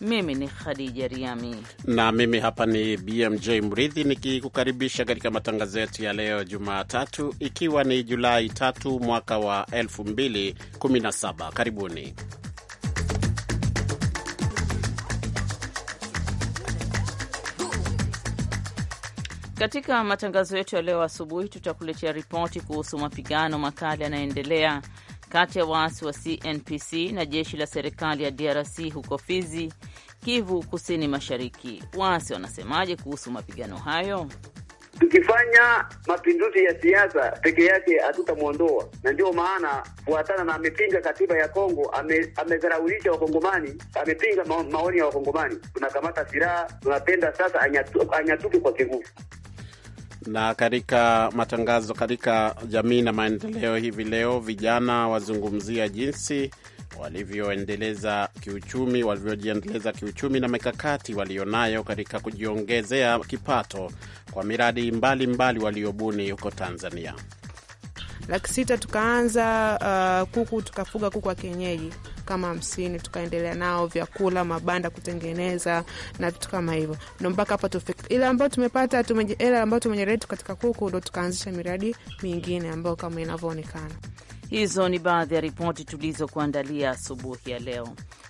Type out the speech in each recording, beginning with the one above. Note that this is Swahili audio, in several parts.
Mimi ni Khadija Riami na mimi hapa ni BMJ Mridhi nikikukaribisha katika matangazo yetu ya leo Jumatatu, ikiwa ni Julai tatu mwaka wa 2017. Karibuni. Katika matangazo yetu ya leo asubuhi, tutakuletea ripoti kuhusu mapigano makali yanayoendelea kati ya waasi wa CNPC na jeshi la serikali ya DRC huko Fizi, Kivu Kusini Mashariki. Waasi wanasemaje kuhusu mapigano hayo? Tukifanya mapinduzi ya siasa peke yake hatutamwondoa, na ndio maana fuatana na amepinga katiba ya Kongo, amedharaulisha Wakongomani, amepinga maoni ya Wakongomani, tunakamata silaha, tunapenda sasa anyatuke kwa kinguvu. Na katika matangazo katika jamii na maendeleo hivi leo, vijana wazungumzia jinsi walivyoendeleza kiuchumi, walivyojiendeleza kiuchumi na mikakati walionayo katika kujiongezea kipato kwa miradi mbalimbali waliobuni huko Tanzania. Laki sita tukaanza uh, kuku tukafuga kuku wa kienyeji kama hamsini, tukaendelea nao vyakula, mabanda kutengeneza na vitu kama hivyo, ndo mpaka hapa tufika. Ile ambayo tumepata ela ambayo tumenyeretu katika kuku, ndo tukaanzisha miradi mingine ambayo kama inavyoonekana. Hizo ni baadhi ya ripoti tulizokuandalia asubuhi ya leo.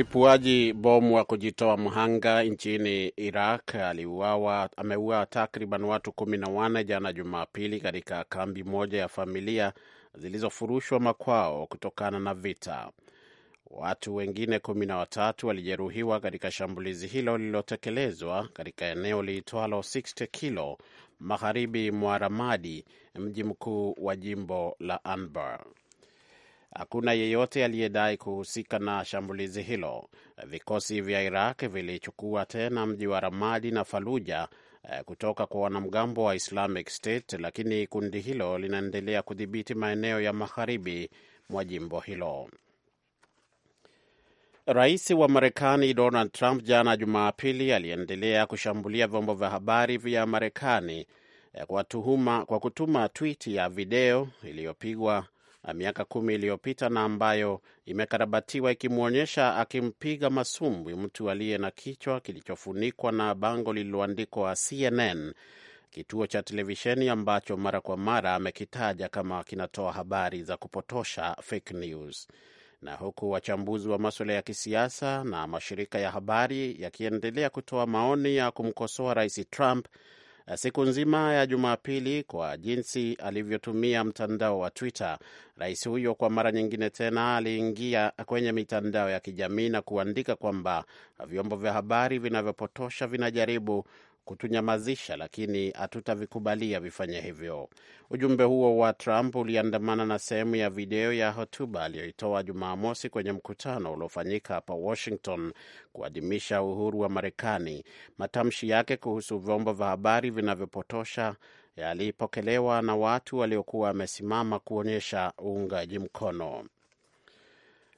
Mlipuaji bomu wa kujitoa mhanga nchini Iraq aliuawa, ameua takriban watu kumi na wanne jana Jumapili katika kambi moja ya familia zilizofurushwa makwao kutokana na vita. Watu wengine kumi na watatu walijeruhiwa katika shambulizi hilo lililotekelezwa katika eneo liitwalo 60 kilo magharibi mwa Ramadi, mji mkuu wa jimbo la Anbar. Hakuna yeyote aliyedai kuhusika na shambulizi hilo. Vikosi vya Iraq vilichukua tena mji wa Ramadi na Faluja eh, kutoka kwa wanamgambo wa Islamic State, lakini kundi hilo linaendelea kudhibiti maeneo ya magharibi mwa jimbo hilo. Rais wa Marekani Donald Trump jana Jumapili aliendelea kushambulia vyombo vya habari vya Marekani eh, kwa tuhuma, kwa kutuma twiti ya video iliyopigwa miaka kumi iliyopita na ambayo imekarabatiwa ikimwonyesha akimpiga masumbwi mtu aliye na kichwa kilichofunikwa na bango lililoandikwa CNN, kituo cha televisheni ambacho mara kwa mara amekitaja kama kinatoa habari za kupotosha fake news. Na huku wachambuzi wa maswala ya kisiasa na mashirika ya habari yakiendelea kutoa maoni ya kumkosoa Rais Trump Eh, siku nzima ya Jumapili kwa jinsi alivyotumia mtandao wa Twitter. Rais huyo kwa mara nyingine tena aliingia kwenye mitandao ya kijamii na kuandika kwamba vyombo vya habari vinavyopotosha vinajaribu kutunyamazisha, lakini hatutavikubalia vifanye hivyo. Ujumbe huo wa Trump uliandamana na sehemu ya video ya hotuba aliyoitoa Jumamosi kwenye mkutano uliofanyika hapa Washington kuadhimisha uhuru wa Marekani. Matamshi yake kuhusu vyombo vya habari vinavyopotosha yalipokelewa na watu waliokuwa wamesimama kuonyesha uungaji mkono.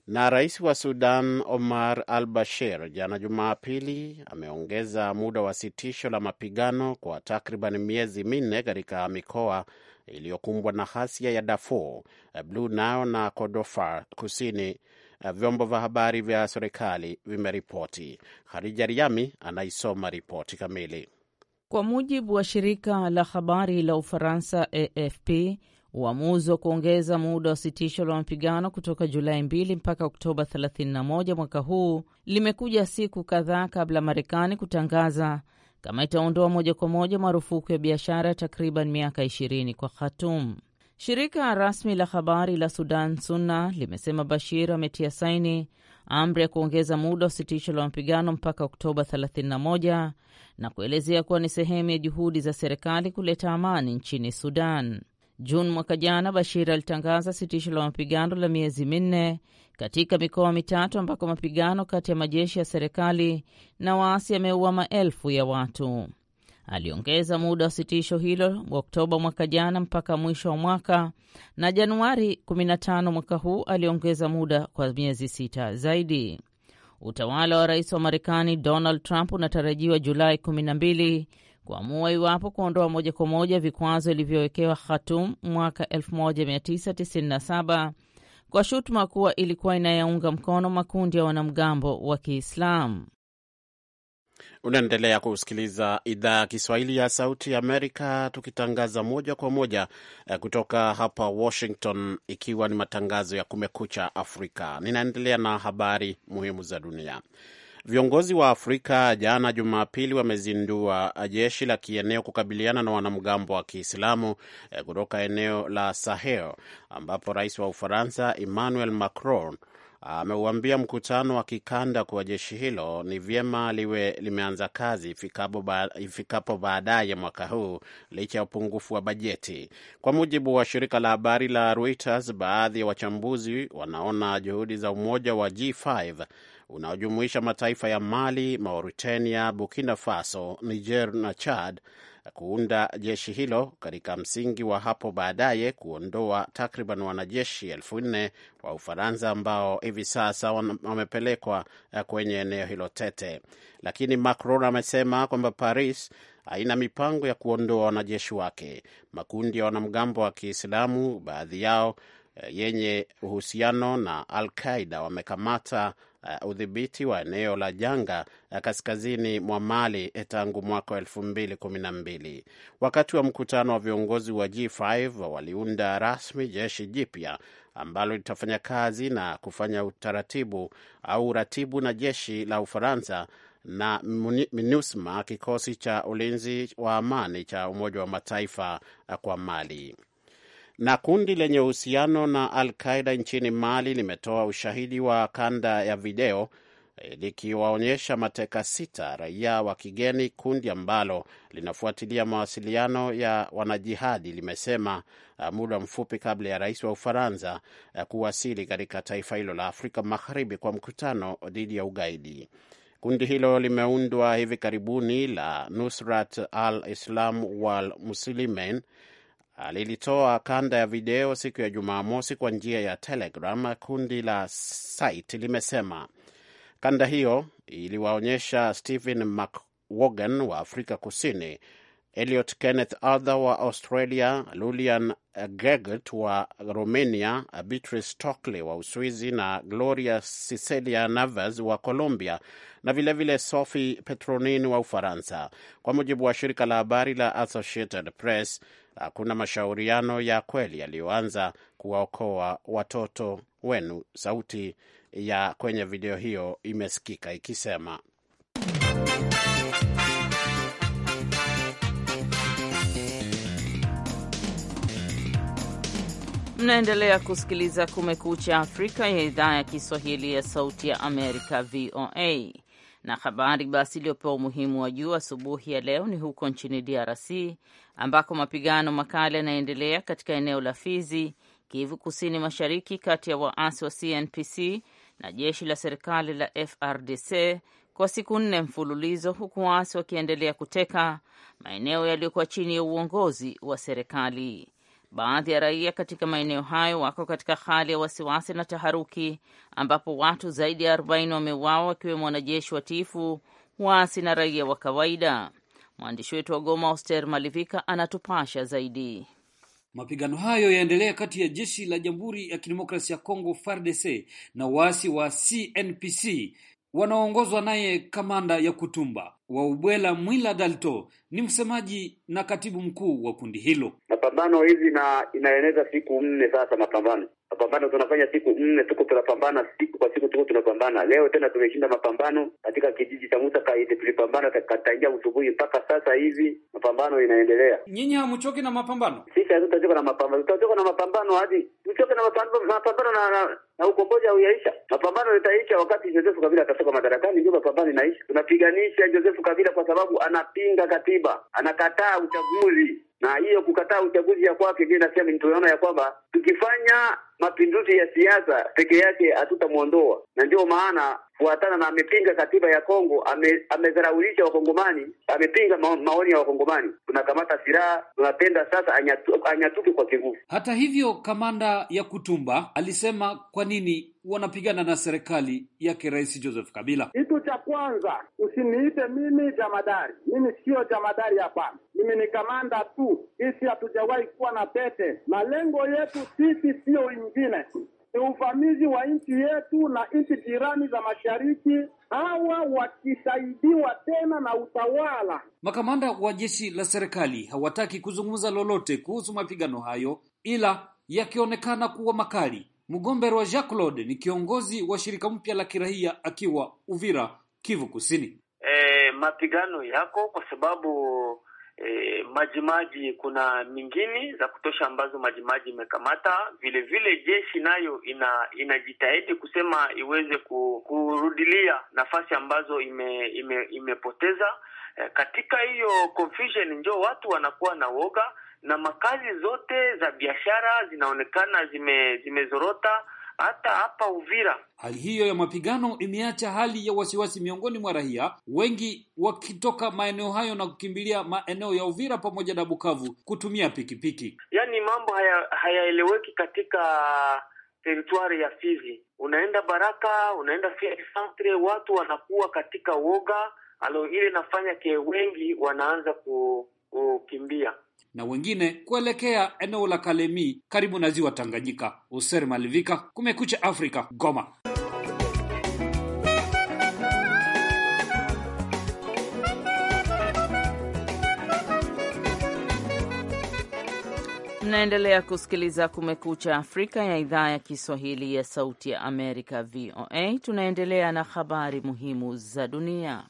Na rais wa Sudan Omar al Bashir jana Jumapili ameongeza muda wa sitisho la mapigano kwa takriban miezi minne katika mikoa iliyokumbwa na hasia ya Darfur, Blue Nile na Kordofan Kusini, vyombo vya habari vya serikali vimeripoti. Hadija Riami anaisoma ripoti kamili. Kwa mujibu wa shirika la habari la Ufaransa AFP, Uamuzi wa kuongeza muda wa sitisho la mapigano kutoka Julai 2 mpaka Oktoba 31 mwaka huu limekuja siku kadhaa kabla Marekani kutangaza kama itaondoa moja kwa moja marufuku ya biashara ya takriban miaka 20 kwa Khatum. Shirika rasmi la habari la Sudan Sunna limesema Bashir ametia saini amri ya kuongeza muda wa sitisho la mapigano mpaka Oktoba 31 na kuelezea kuwa ni sehemu ya juhudi za serikali kuleta amani nchini Sudan. Juni mwaka jana, Bashir alitangaza sitisho la mapigano la miezi minne katika mikoa mitatu ambako mapigano kati ya majeshi ya serikali na waasi yameua maelfu ya watu. Aliongeza muda wa sitisho hilo Oktoba mwaka jana mpaka mwisho wa mwaka, na Januari 15 mwaka huu aliongeza muda kwa miezi sita zaidi. Utawala wa rais wa Marekani Donald Trump unatarajiwa Julai kuamua iwapo kuondoa moja kwa moja vikwazo ilivyowekewa Khatum mwaka 1997 kwa shutuma kuwa ilikuwa inayaunga mkono makundi ya wanamgambo wa Kiislamu. Unaendelea kusikiliza idhaa ya Kiswahili ya Sauti ya Amerika, tukitangaza moja kwa moja eh, kutoka hapa Washington, ikiwa ni matangazo ya Kumekucha Afrika. Ninaendelea na habari muhimu za dunia. Viongozi wa Afrika jana Jumapili wamezindua uh, jeshi la kieneo kukabiliana na wanamgambo wa Kiislamu uh, kutoka eneo la Sahel, ambapo rais wa Ufaransa Emmanuel Macron ameuambia mkutano wa kikanda kuwa jeshi hilo ni vyema liwe limeanza kazi ifikapo baadaye mwaka huu licha ya upungufu wa bajeti. Kwa mujibu wa shirika la habari la Reuters, baadhi ya wa wachambuzi wanaona juhudi za umoja wa G5 unaojumuisha mataifa ya Mali, Mauritania, Burkina Faso, Niger na Chad kuunda jeshi hilo katika msingi wa hapo baadaye kuondoa takriban wanajeshi elfu nne wa Ufaransa ambao hivi sasa wamepelekwa eh, kwenye eneo hilo tete. Lakini Macron amesema kwamba Paris haina mipango ya kuondoa wanajeshi wake. Makundi ya wanamgambo wa Kiislamu, baadhi yao eh, yenye uhusiano na Al Qaida, wamekamata Uh, udhibiti wa eneo la janga uh, kaskazini mwa Mali eh, tangu mwaka wa elfu mbili kumi na mbili. Wakati wa mkutano wa viongozi wa G5 uh, waliunda rasmi jeshi jipya ambalo litafanya kazi na kufanya utaratibu au uratibu na jeshi la Ufaransa na MINUSMA, kikosi cha ulinzi wa amani cha Umoja wa Mataifa kwa Mali. Na kundi lenye uhusiano na Al Qaida nchini Mali limetoa ushahidi wa kanda ya video eh, likiwaonyesha mateka sita raia wa kigeni. Kundi ambalo linafuatilia mawasiliano ya wanajihadi limesema eh, muda mfupi kabla ya rais wa Ufaransa eh, kuwasili katika taifa hilo la Afrika Magharibi kwa mkutano dhidi ya ugaidi. Kundi hilo limeundwa hivi karibuni la Nusrat al Islam wal Muslimin lilitoa kanda ya video siku ya Jumamosi kwa njia ya Telegram. Kundi la Site limesema kanda hiyo iliwaonyesha Stephen McWogan wa Afrika Kusini, Eliot Kenneth Arthur wa Australia, Lulian Gegert wa Romania, Beatrice Tokle wa Uswizi na Gloria Cecilia Navas wa Colombia na vilevile Sophie Petronin wa Ufaransa, kwa mujibu wa shirika la habari la Associated Press hakuna mashauriano ya kweli yaliyoanza kuwaokoa watoto wenu, sauti ya kwenye video hiyo imesikika ikisema. Mnaendelea kusikiliza Kumekucha Afrika ya idhaa ya Kiswahili ya Sauti ya Amerika, VOA. Na habari basi iliyopewa umuhimu wa juu asubuhi ya leo ni huko nchini DRC ambako mapigano makali yanaendelea katika eneo la Fizi, Kivu Kusini Mashariki, kati ya waasi wa CNPC na jeshi la serikali la FRDC kwa siku nne mfululizo, huku waasi wakiendelea kuteka maeneo yaliyokuwa chini ya uongozi wa serikali. Baadhi ya raia katika maeneo hayo wako katika hali ya wasiwasi na taharuki, ambapo watu zaidi ya 40 wameuawa wakiwemo wanajeshi watifu, waasi na raia wa kawaida. Mwandishi wetu wa Goma, Oster Malivika, anatupasha zaidi. Mapigano hayo yaendelea kati ya jeshi la Jamhuri ya kidemokrasi ya Kongo FARDC na waasi wa CNPC wanaoongozwa naye Kamanda ya Kutumba. Ubwela Mwila Dalto ni msemaji na katibu mkuu wa kundi hilo. Mapambano hizi na inaeneza siku nne sasa, mapambano mapambano tunafanya siku nne, tuko tunapambana siku kwa siku, tuko tunapambana. Leo tena tumeshinda mapambano katika kijiji cha Musa Kaidi, tulipambana katangia usubuhi mpaka sasa hivi, mapambano inaendelea. Nyinyi hamchoki na mapambano? Sisi hatutachoka na mapambano, tutachoka na mapambano hadi tuchoke na mapambano, mapambano na, na, na ukombozi hauyaisha. Mapambano itaisha wakati Joseph Kabila atatoka madarakani, ndio mapambano inaisha. Tunapiganisha Joseph Kabila kwa sababu anapinga katiba, anakataa uchaguzi na hiyo kukataa uchaguzi ya kwake, nasema tunaona ya kwamba tukifanya mapinduzi ya siasa peke yake hatutamwondoa, na ndio maana fuatana na amepinga katiba ya Kongo, amedharaulisha Wakongomani, amepinga maoni ya Wakongomani, tunakamata silaha, tunapenda sasa anyatu, anyatuke kwa kiguvu. Hata hivyo, kamanda ya Kutumba alisema kwa nini wanapigana na serikali yake Rais Joseph Kabila. Kitu cha kwanza, usiniite mimi jamadari, mimi sio jamadari, hapana mimi ni kamanda tu, sisi hatujawahi kuwa na tete. Malengo yetu sisi sio ingine ni uvamizi wa nchi yetu na nchi jirani za mashariki, hawa wakisaidiwa tena na utawala. Makamanda wa jeshi la serikali hawataki kuzungumza lolote kuhusu mapigano hayo, ila yakionekana kuwa makali. Mgombero wa Jacques Claude ni kiongozi wa shirika mpya la kiraia akiwa Uvira, Kivu Kusini. E, mapigano yako kwa sababu e, majimaji kuna mingini za kutosha ambazo majimaji imekamata. Vile vile jeshi nayo ina inajitahidi kusema iweze kurudilia nafasi ambazo ime, ime, imepoteza e, katika hiyo confusion, ndio watu wanakuwa na woga na makazi zote za biashara zinaonekana zime, zimezorota hata hapa Uvira. Hali hiyo ya mapigano imeacha hali ya wasiwasi miongoni mwa raia wengi, wakitoka maeneo hayo na kukimbilia maeneo ya Uvira pamoja na Bukavu kutumia pikipiki. yani mambo hayaeleweki katika teritwari ya Fizi. Unaenda Baraka, unaenda Fizi Centre, watu wanakuwa katika woga alo, ile nafanya ke wengi wanaanza kukimbia ku na wengine kuelekea eneo la Kalemi karibu na ziwa Tanganyika. Oser Malivika, Kumekucha Afrika, Goma. Mnaendelea kusikiliza Kumekucha Afrika ya idhaa ya Kiswahili ya Sauti ya Amerika, VOA. Tunaendelea na habari muhimu za dunia.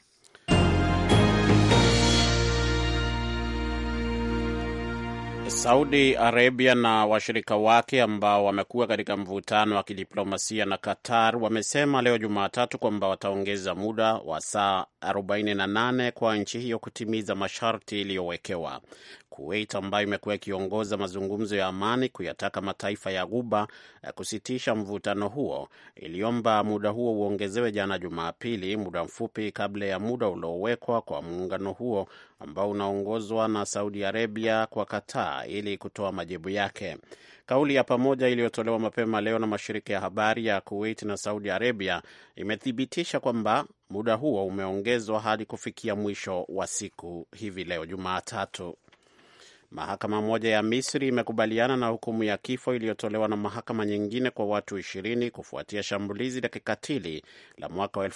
Saudi Arabia na washirika wake ambao wamekuwa katika mvutano wa kidiplomasia na Qatar wamesema leo Jumatatu kwamba wataongeza muda wa saa 48 kwa nchi hiyo kutimiza masharti iliyowekewa. Kuwait ambayo imekuwa ikiongoza mazungumzo ya amani kuyataka mataifa ya Ghuba eh, kusitisha mvutano huo, iliomba muda huo uongezewe jana Jumapili, muda mfupi kabla ya muda uliowekwa kwa muungano huo ambao unaongozwa na Saudi Arabia kwa kataa ili kutoa majibu yake. Kauli ya pamoja iliyotolewa mapema leo na mashirika ya habari ya Kuwait na Saudi Arabia imethibitisha kwamba muda huo umeongezwa hadi kufikia mwisho wa siku hivi leo Jumatatu. Mahakama moja ya Misri imekubaliana na hukumu ya kifo iliyotolewa na mahakama nyingine kwa watu ishirini kufuatia shambulizi la kikatili la mwaka wa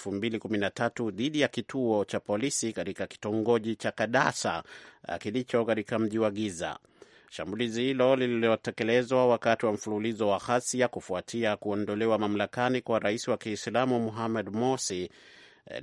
tatu dhidi ya kituo cha polisi katika kitongoji cha Kadasa eh, kilicho katika mji wa Giza. Shambulizi hilo lililotekelezwa wakati wa mfululizo wa ghasia kufuatia kuondolewa mamlakani kwa rais wa Kiislamu Muhammad Morsi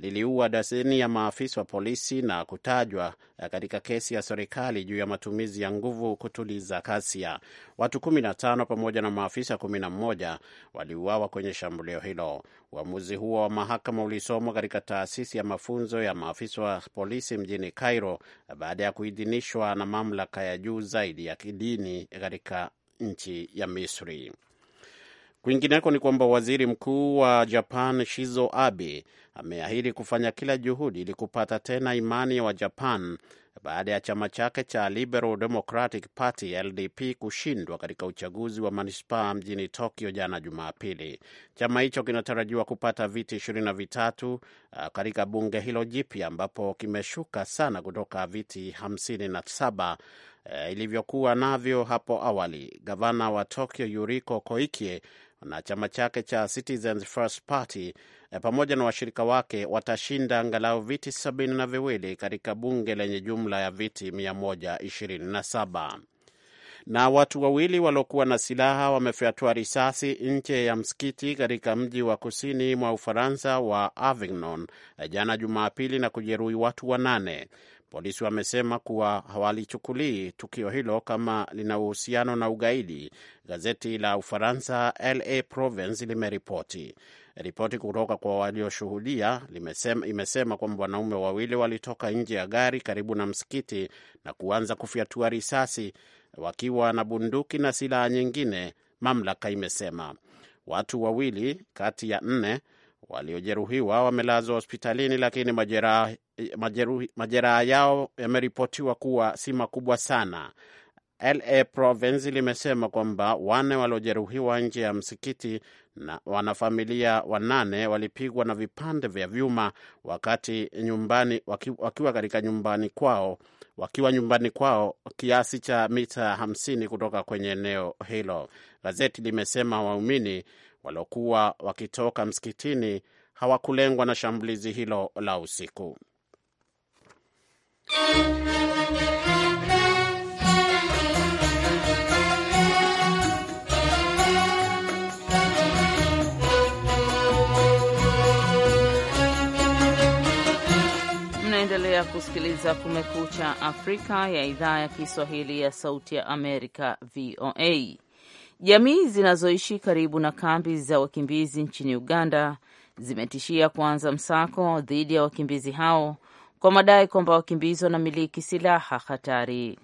liliua daseni ya maafisa wa polisi na kutajwa eh, katika kesi ya serikali juu ya matumizi ya nguvu kutuliza ghasia. Watu 15 pamoja na maafisa 11 waliuawa kwenye shambulio hilo. Uamuzi huo wa mahakama ulisomwa katika taasisi ya mafunzo ya maafisa wa polisi mjini Cairo eh, baada ya kuidhinishwa na mamlaka ya juu zaidi ya kidini katika nchi ya Misri. Kwingineko ni kwamba waziri mkuu wa Japan Shizo Abe ameahidi kufanya kila juhudi ili kupata tena imani ya wa Wajapan baada ya chama chake cha Liberal Democratic Party LDP kushindwa katika uchaguzi wa manispaa mjini Tokyo jana Jumapili. Chama hicho kinatarajiwa kupata viti ishirini na vitatu uh, katika bunge hilo jipya ambapo kimeshuka sana kutoka viti hamsini na saba uh, ilivyokuwa navyo hapo awali. Gavana wa Tokyo Yuriko Koike na chama chake cha Citizens First Party eh, pamoja na washirika wake watashinda angalau viti sabini na viwili katika bunge lenye jumla ya viti 127 na watu wawili waliokuwa na silaha wamefyatua risasi nje ya msikiti katika mji wa kusini mwa Ufaransa wa Avignon eh, jana Jumapili na kujeruhi watu wanane. Polisi wamesema kuwa hawalichukulii tukio hilo kama lina uhusiano na ugaidi, gazeti la Ufaransa La Provence limeripoti. Ripoti kutoka kwa walioshuhudia imesema kwamba wanaume wawili walitoka nje ya gari karibu na msikiti na kuanza kufyatua risasi wakiwa na bunduki na silaha nyingine, mamlaka imesema. Watu wawili kati ya nne waliojeruhiwa wamelazwa hospitalini, lakini majeraha Eh, majeraha yao yameripotiwa kuwa si makubwa sana. La Province limesema kwamba wane waliojeruhiwa nje ya msikiti na wanafamilia wanane walipigwa na vipande vya vyuma wakati nyumbani, waki, wakiwa katika nyumbani kwao wakiwa nyumbani kwao kiasi cha mita hamsini kutoka kwenye eneo hilo. Gazeti limesema waumini waliokuwa wakitoka msikitini hawakulengwa na shambulizi hilo la usiku mnaendelea kusikiliza Kumekucha Afrika ya idhaa ya Kiswahili ya Sauti ya Amerika, VOA. Jamii zinazoishi karibu na kambi za wakimbizi nchini Uganda zimetishia kuanza msako dhidi ya wakimbizi hao kwa madai kwamba wakimbizi wanamiliki silaha hatari.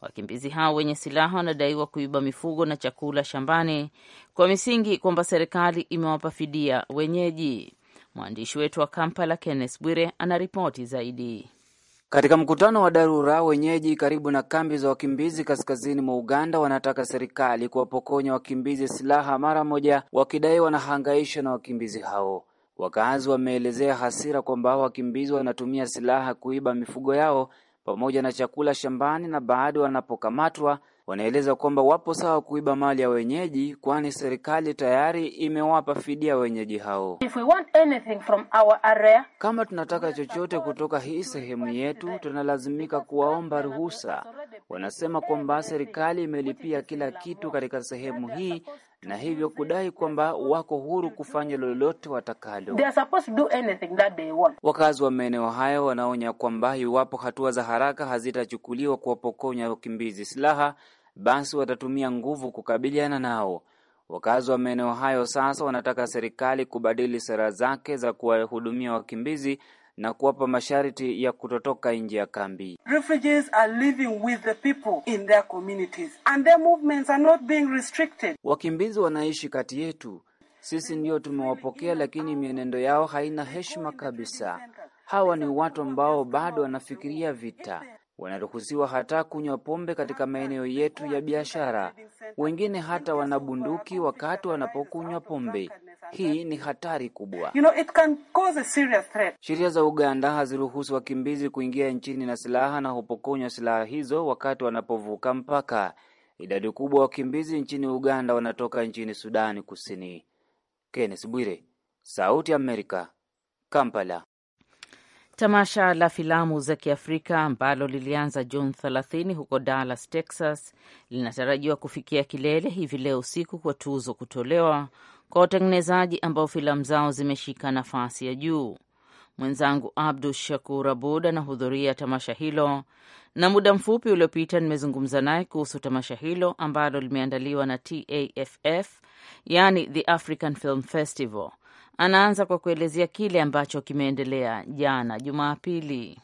Wakimbizi hao wenye silaha wanadaiwa kuiba mifugo na chakula shambani kwa misingi kwamba serikali imewapa fidia wenyeji. Mwandishi wetu wa Kampala, Kenneth Bwire, anaripoti zaidi. Katika mkutano wa dharura, wenyeji karibu na kambi za wakimbizi kaskazini mwa Uganda wanataka serikali kuwapokonya wakimbizi silaha mara moja, wakidai wanahangaishwa na wakimbizi hao. Wakazi wameelezea hasira kwamba wakimbizi wanatumia silaha kuiba mifugo yao pamoja na chakula shambani na baada wanapokamatwa wanaeleza kwamba wapo sawa kuiba mali ya wenyeji kwani serikali tayari imewapa fidia wenyeji hao. If we want anything from our area, kama tunataka chochote kutoka hii sehemu yetu tunalazimika kuwaomba ruhusa. Wanasema kwamba serikali imelipia kila kitu katika sehemu hii na hivyo kudai kwamba wako huru kufanya lolote watakalo. Wakazi wa maeneo hayo wanaonya kwamba iwapo hatua za haraka hazitachukuliwa kuwapokonya wakimbizi silaha, basi watatumia nguvu kukabiliana nao. Wakazi wa maeneo hayo sasa wanataka serikali kubadili sera zake za kuwahudumia wakimbizi na kuwapa masharti ya kutotoka nje ya kambi. Wakimbizi wanaishi kati yetu, sisi ndio tumewapokea, lakini mienendo yao haina heshima kabisa. Hawa ni watu ambao bado wanafikiria vita. Wanaruhusiwa hata kunywa pombe katika maeneo yetu ya biashara, wengine hata wanabunduki wakati wanapokunywa pombe. Hii ni hatari kubwa. You know, it can cause a serious threat. Sheria za Uganda haziruhusu wakimbizi kuingia nchini na silaha na hupokonywa silaha hizo wakati wanapovuka mpaka. Idadi kubwa wakimbizi nchini Uganda wanatoka nchini Sudani Kusini. Kenneth Bwire, Sauti Amerika, Kampala. Tamasha la filamu za Kiafrika ambalo lilianza Juni 30 huko Dallas, Texas linatarajiwa kufikia kilele hivi leo usiku kwa tuzo kutolewa kwa watengenezaji ambao filamu zao zimeshika nafasi ya juu. Mwenzangu Abdu Shakur Abud anahudhuria tamasha hilo, na muda mfupi uliopita nimezungumza naye kuhusu tamasha hilo ambalo limeandaliwa na TAFF, yani the African Film Festival. Anaanza kwa kuelezea kile ambacho kimeendelea jana Jumapili.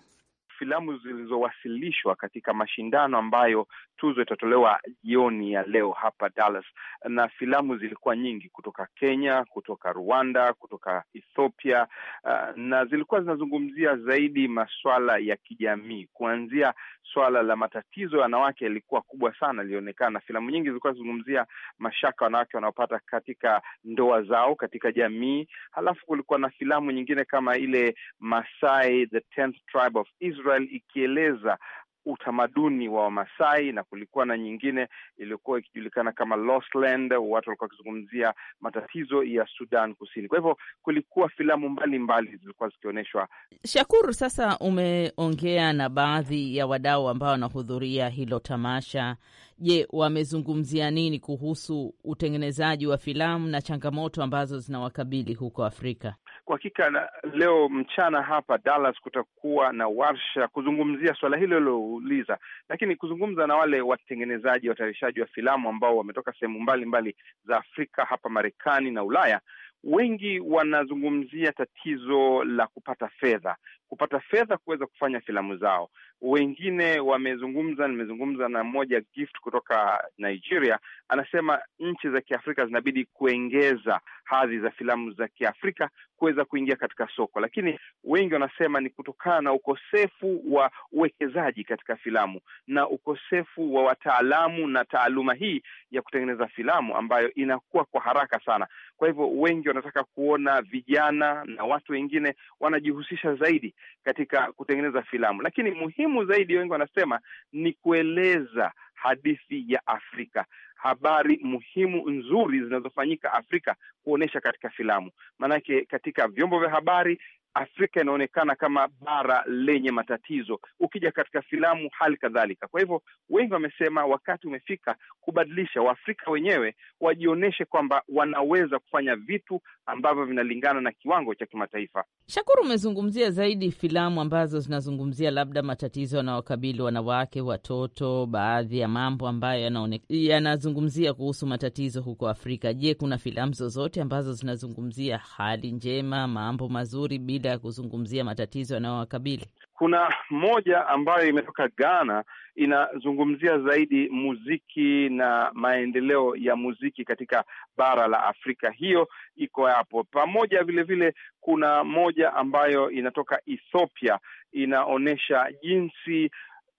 Filamu zilizowasilishwa katika mashindano ambayo tuzo itatolewa jioni ya leo hapa Dallas, na filamu zilikuwa nyingi kutoka Kenya, kutoka Rwanda, kutoka Ethiopia, uh, na zilikuwa zinazungumzia zaidi masuala ya kijamii, kuanzia swala la matatizo ya wanawake yalikuwa kubwa sana, ilionekana filamu nyingi zilikuwa zinazungumzia mashaka wanawake wanaopata katika ndoa zao, katika jamii. Halafu kulikuwa na filamu nyingine kama ile Masai the Tenth Tribe of Israel ikieleza utamaduni wa Wamasai, na kulikuwa na nyingine iliyokuwa ikijulikana kama Lost Land. Watu walikuwa wakizungumzia matatizo ya Sudan Kusini. Kwa hivyo kulikuwa filamu mbalimbali zilikuwa zikionyeshwa. Shakur, sasa umeongea na baadhi ya wadau ambao wanahudhuria hilo tamasha. Je, wamezungumzia nini kuhusu utengenezaji wa filamu na changamoto ambazo zinawakabili huko Afrika? Kwa hakika leo mchana hapa Dallas kutakuwa na warsha kuzungumzia swala hilo lilouliza, lakini kuzungumza na wale watengenezaji, watayarishaji wa filamu ambao wametoka sehemu mbalimbali za Afrika, hapa Marekani na Ulaya. Wengi wanazungumzia tatizo la kupata fedha, kupata fedha kuweza kufanya filamu zao. Wengine wamezungumza, nimezungumza na mmoja Gift kutoka Nigeria, anasema nchi za Kiafrika zinabidi kuengeza hadhi za filamu za Kiafrika kuweza kuingia katika soko, lakini wengi wanasema ni kutokana na ukosefu wa uwekezaji katika filamu na ukosefu wa wataalamu na taaluma hii ya kutengeneza filamu ambayo inakuwa kwa haraka sana. Kwa hivyo wengi wanataka kuona vijana na watu wengine wanajihusisha zaidi katika kutengeneza filamu, lakini muhimu zaidi, wengi wanasema ni kueleza hadithi ya Afrika, habari muhimu nzuri zinazofanyika Afrika kuonyesha katika filamu. Maanake katika vyombo vya habari Afrika inaonekana kama bara lenye matatizo, ukija katika filamu hali kadhalika. Kwa hivyo wengi wamesema wakati umefika kubadilisha, Waafrika wenyewe wajionyeshe kwamba wanaweza kufanya vitu ambavyo vinalingana na kiwango cha kimataifa. Shakuru, umezungumzia zaidi filamu ambazo zinazungumzia labda matatizo yanaokabili wanawake, watoto, baadhi ya mambo ambayo yanazungumzia kuhusu matatizo huko Afrika. Je, kuna filamu zozote ambazo zinazungumzia hali njema, mambo mazuri bila kawaida ya kuzungumzia matatizo yanayowakabili? Kuna moja ambayo imetoka Ghana inazungumzia zaidi muziki na maendeleo ya muziki katika bara la Afrika. Hiyo iko hapo pamoja. Vile vile kuna moja ambayo inatoka Ethiopia inaonyesha jinsi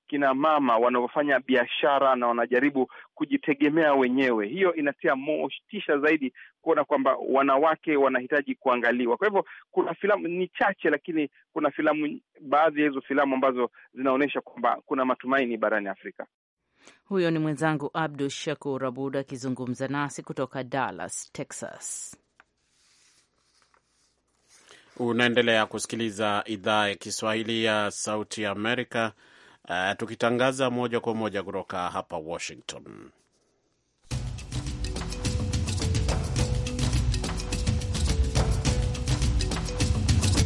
kina mama wanaofanya biashara na wanajaribu kujitegemea wenyewe. Hiyo inatia motisha zaidi kuona kwamba wanawake wanahitaji kuangaliwa. Kwa hivyo kuna filamu ni chache, lakini kuna filamu, baadhi ya hizo filamu ambazo zinaonyesha kwamba kuna matumaini barani Afrika. Huyo ni mwenzangu Abdu Shakur Abud akizungumza nasi kutoka Dallas, Texas. Unaendelea kusikiliza idhaa ya Kiswahili ya Sauti ya Amerika uh, tukitangaza moja kwa moja kutoka hapa Washington.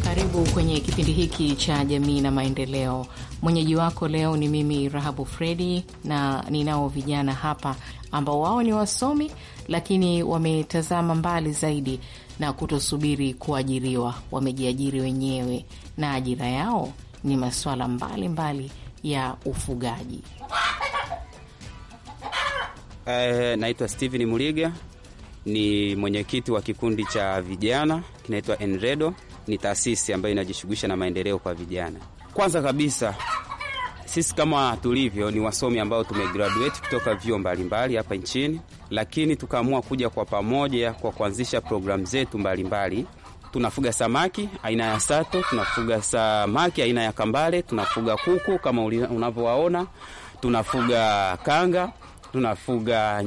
Karibu kwenye kipindi hiki cha jamii na maendeleo. Mwenyeji wako leo ni mimi Rahabu Fredi, na ninao vijana hapa ambao wao ni wasomi lakini wametazama mbali zaidi na kutosubiri kuajiriwa. Wamejiajiri wenyewe na ajira yao ni masuala mbalimbali mbali ya ufugaji. Eh, naitwa Steven Muliga, ni mwenyekiti wa kikundi cha vijana kinaitwa Enredo. Ni taasisi ambayo inajishughulisha na maendeleo kwa vijana. Kwanza kabisa sisi kama tulivyo ni wasomi ambao tumegraduate kutoka vyuo mbalimbali hapa nchini, lakini tukaamua kuja kwa pamoja kwa kuanzisha programu zetu mbalimbali tunafuga samaki aina ya sato, tunafuga samaki aina ya kambale, tunafuga kuku kama unavyowaona, tunafuga kanga, tunafuga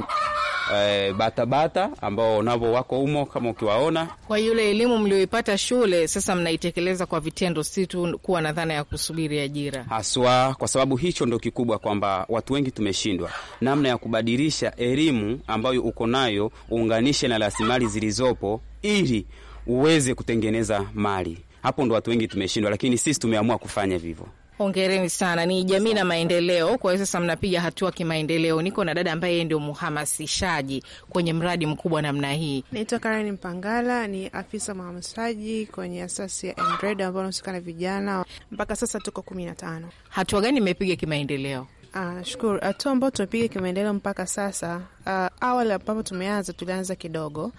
E, eh, bata, ambao navo wako humo kama ukiwaona. Kwa yule elimu mlioipata shule, sasa mnaitekeleza kwa vitendo, si tu kuwa na dhana ya kusubiri ajira haswa, kwa sababu hicho ndo kikubwa, kwamba watu wengi tumeshindwa namna ya kubadilisha elimu ambayo uko nayo uunganishe na rasilimali zilizopo ili uweze kutengeneza mali. Hapo ndo watu wengi tumeshindwa, lakini sisi tumeamua kufanya vivyo. Hongereni sana, ni jamii na maendeleo. Kwa hiyo sasa mnapiga hatua kimaendeleo. Niko na dada ambaye yeye ndio mhamasishaji kwenye mradi mkubwa namna hii. Naitwa Karen Mpangala, ni afisa mhamasishaji kwenye asasi ya Andred ambayo anahusika na vijana. Mpaka sasa tuko kumi na tano. Hatua gani mmepiga kimaendeleo? Ah, shukuru. Hatua ah, ambayo tumepiga kimaendeleo mpaka sasa, uh, awali ambapo tumeanza tulianza kidogo,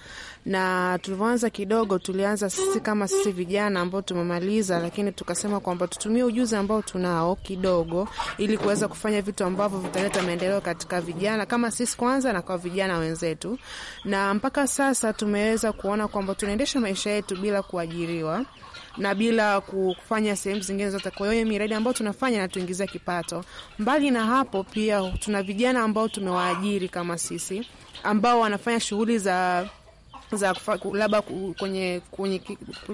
na tulivyoanza kidogo tulianza sisi kama sisi vijana ambao tumemaliza, lakini tukasema kwamba tutumie ujuzi ambao tunao kidogo, ili kuweza kufanya vitu ambavyo vitaleta maendeleo katika vijana kama sisi kwanza, na kwa vijana wenzetu. Na mpaka sasa tumeweza kuona kwamba tunaendesha maisha yetu bila kuajiriwa na bila kufanya sehemu zingine zote. Kwa hiyo miradi ambayo tunafanya natuingizia kipato. Mbali na hapo, pia tuna vijana ambao tumewaajiri kama sisi ambao wanafanya shughuli za za labda kwenye, kwenye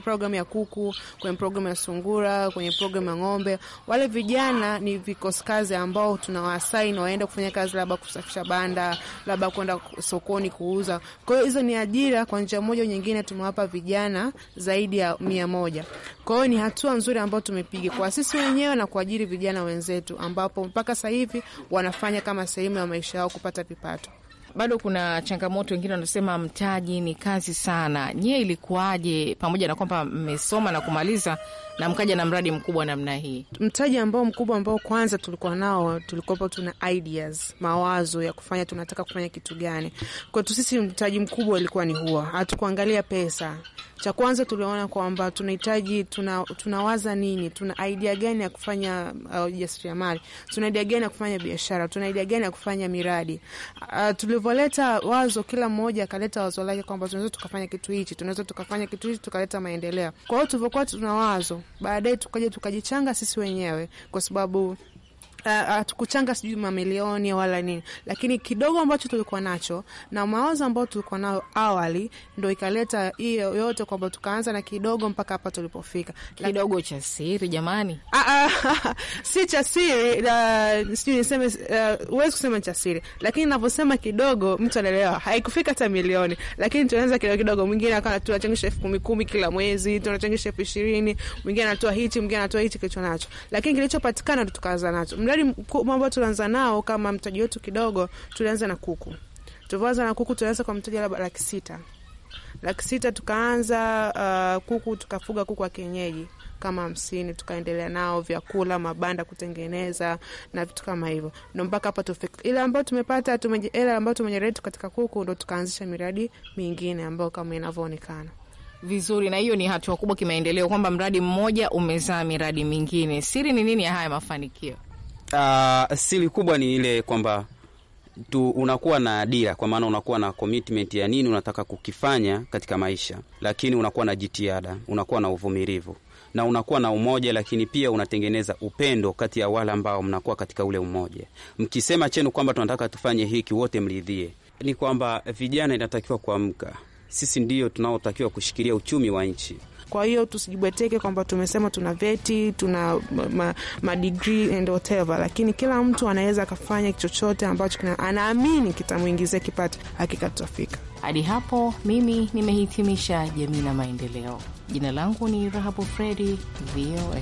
programu ya kuku, kwenye programu ya sungura, kwenye programu ya ng'ombe. Wale vijana ni vikosi kazi ambao tunawaasaini waende kufanya kazi labda kusafisha banda, labda kwenda sokoni kuuza. Kwa hiyo hizo ni ajira kwa njia moja au nyingine, tumewapa vijana zaidi ya mia moja. Kwa hiyo ni hatua nzuri ambayo tumepiga kwa sisi wenyewe na kuajiri vijana wenzetu, ambapo mpaka sasa hivi wanafanya kama sehemu ya maisha yao kupata vipato bado kuna changamoto, wengine wanasema mtaji ni kazi sana. Nyie ilikuwaje, pamoja na kwamba mmesoma na kumaliza na mkaja na mradi mkubwa namna hii? Mtaji ambao mkubwa ambao kwanza tulikuwa nao, tulikuwapo tuna ideas, mawazo ya kufanya, tunataka kufanya kitu gani. Kwetu sisi mtaji mkubwa ilikuwa ni huo, hatukuangalia pesa. Cha kwanza tuliona kwamba tunahitaji tuna, tunawaza nini, tuna idea gani ya kufanya uh, ujasiriamali, uh, tuna idea gani ya kufanya biashara, tuna idea gani ya kufanya miradi uh, tulivyoleta wazo, kila mmoja akaleta wazo lake kwamba tunaweza tukafanya kitu hichi, tunaweza tukafanya kitu hichi, tukaleta maendeleo. Kwa hiyo tulivyokuwa tuna wazo baadaye tukaja tukajichanga sisi wenyewe, kwa sababu hatukuchanga ah, uh, sijui mamilioni wala nini, lakini kidogo ambacho tulikuwa nacho na mawazo ambayo tulikuwa nayo awali ndo ikaleta hiyo yote, kwamba tukaanza na kidogo mpaka hapa tulipofika. Kidogo cha siri, jamani, ah, ah, si cha siri, sijui niseme, eh, huwezi kusema cha siri, lakini navyosema kidogo, mtu anaelewa. Haikufika hata milioni, lakini tunaanza kidogo kidogo. Mwingine akawa tunachangisha elfu kumi kumi kila mwezi, tunachangisha elfu ishirini mwingine anatoa hichi, mwingine anatoa hichi kilicho nacho, lakini kilichopatikana ndo tukaanza nacho mradi mradi yaani, mkubwa ambao tunaanza nao kama mtaji wetu kidogo, tulianza na kuku. Tulianza na kuku, tulianza kwa mtaji labda laki sita laki sita tukaanza uh, kuku tukafuga kuku wa kienyeji kama hamsini, tukaendelea nao vyakula, mabanda kutengeneza na vitu kama hivyo, ndo mpaka hapa tufika. Ile ambayo tumepata hela ambayo tumejenerate katika kuku, ndo tukaanzisha miradi mingine ambayo kama inavyoonekana vizuri, na hiyo ni hatua kubwa kimaendeleo, kwamba mradi mmoja umezaa miradi mingine. Siri ni nini ya haya mafanikio? uh, siri kubwa ni ile kwamba tu unakuwa na dira, kwa maana unakuwa na commitment ya nini unataka kukifanya katika maisha, lakini unakuwa na jitihada, unakuwa na uvumilivu na unakuwa na umoja, lakini pia unatengeneza upendo kati ya wale ambao mnakuwa katika ule umoja. Mkisema chenu kwamba tunataka tufanye hiki, wote mridhie. Ni kwamba vijana inatakiwa kuamka, sisi ndiyo tunaotakiwa kushikilia uchumi wa nchi. Kwa hiyo tusijibweteke kwamba tumesema tuna veti tuna ma, ma and whatever, lakini kila mtu anaweza akafanya chochote ambacho anaamini kitamwingizia kipato. Hakika tutafika hadi hapo. Mimi nimehitimisha jamii na maendeleo. Jina langu ni Rahabu Fredi, VOA.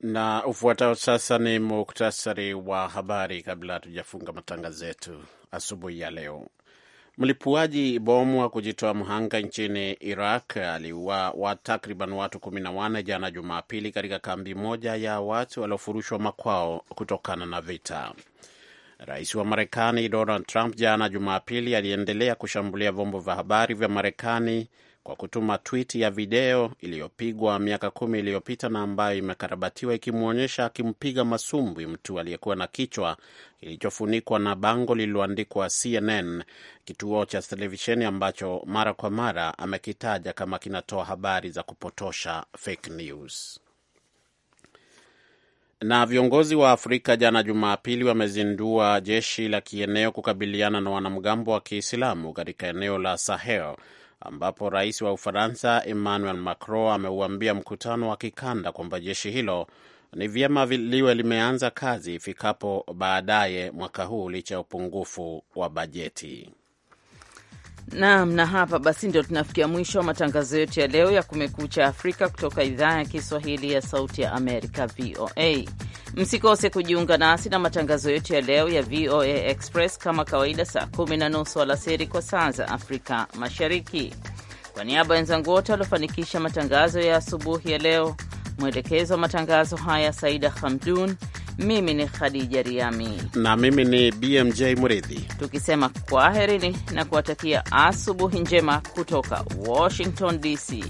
Na ufuatao sasa ni muktasari wa habari kabla hatujafunga matangazo yetu asubuhi ya leo. Mlipuaji bomu wa kujitoa mhanga nchini Iraq aliua wa takriban watu kumi na wanne jana Jumapili katika kambi moja ya watu waliofurushwa makwao kutokana na vita. Rais wa Marekani Donald Trump jana Jumapili aliendelea kushambulia vyombo vya habari vya Marekani kwa kutuma twiti ya video iliyopigwa miaka kumi iliyopita na ambayo imekarabatiwa ikimwonyesha akimpiga masumbwi mtu aliyekuwa na kichwa kilichofunikwa na bango lililoandikwa CNN, kituo cha televisheni ambacho mara kwa mara amekitaja kama kinatoa habari za kupotosha fake news. Na viongozi wa Afrika jana Jumapili wamezindua jeshi la kieneo kukabiliana na wanamgambo wa Kiislamu katika eneo la Sahel ambapo rais wa Ufaransa Emmanuel Macron ameuambia mkutano wa kikanda kwamba jeshi hilo ni vyema liwe limeanza kazi ifikapo baadaye mwaka huu licha ya upungufu wa bajeti. Naam, na hapa basi ndio tunafikia mwisho wa matangazo yetu ya leo ya Kumekucha Afrika kutoka idhaa ya Kiswahili ya Sauti ya Amerika, VOA. Msikose kujiunga nasi na matangazo yetu ya leo ya VOA Express kama kawaida, saa kumi na nusu alasiri kwa saa za Afrika Mashariki. Kwa niaba ya wenzangu wote waliofanikisha matangazo ya asubuhi ya leo, mwelekezo wa matangazo haya Saida Hamdun, mimi ni Khadija Riami na mimi ni BMJ Muridhi, tukisema kwaherini na kuwatakia asubuhi njema kutoka Washington DC.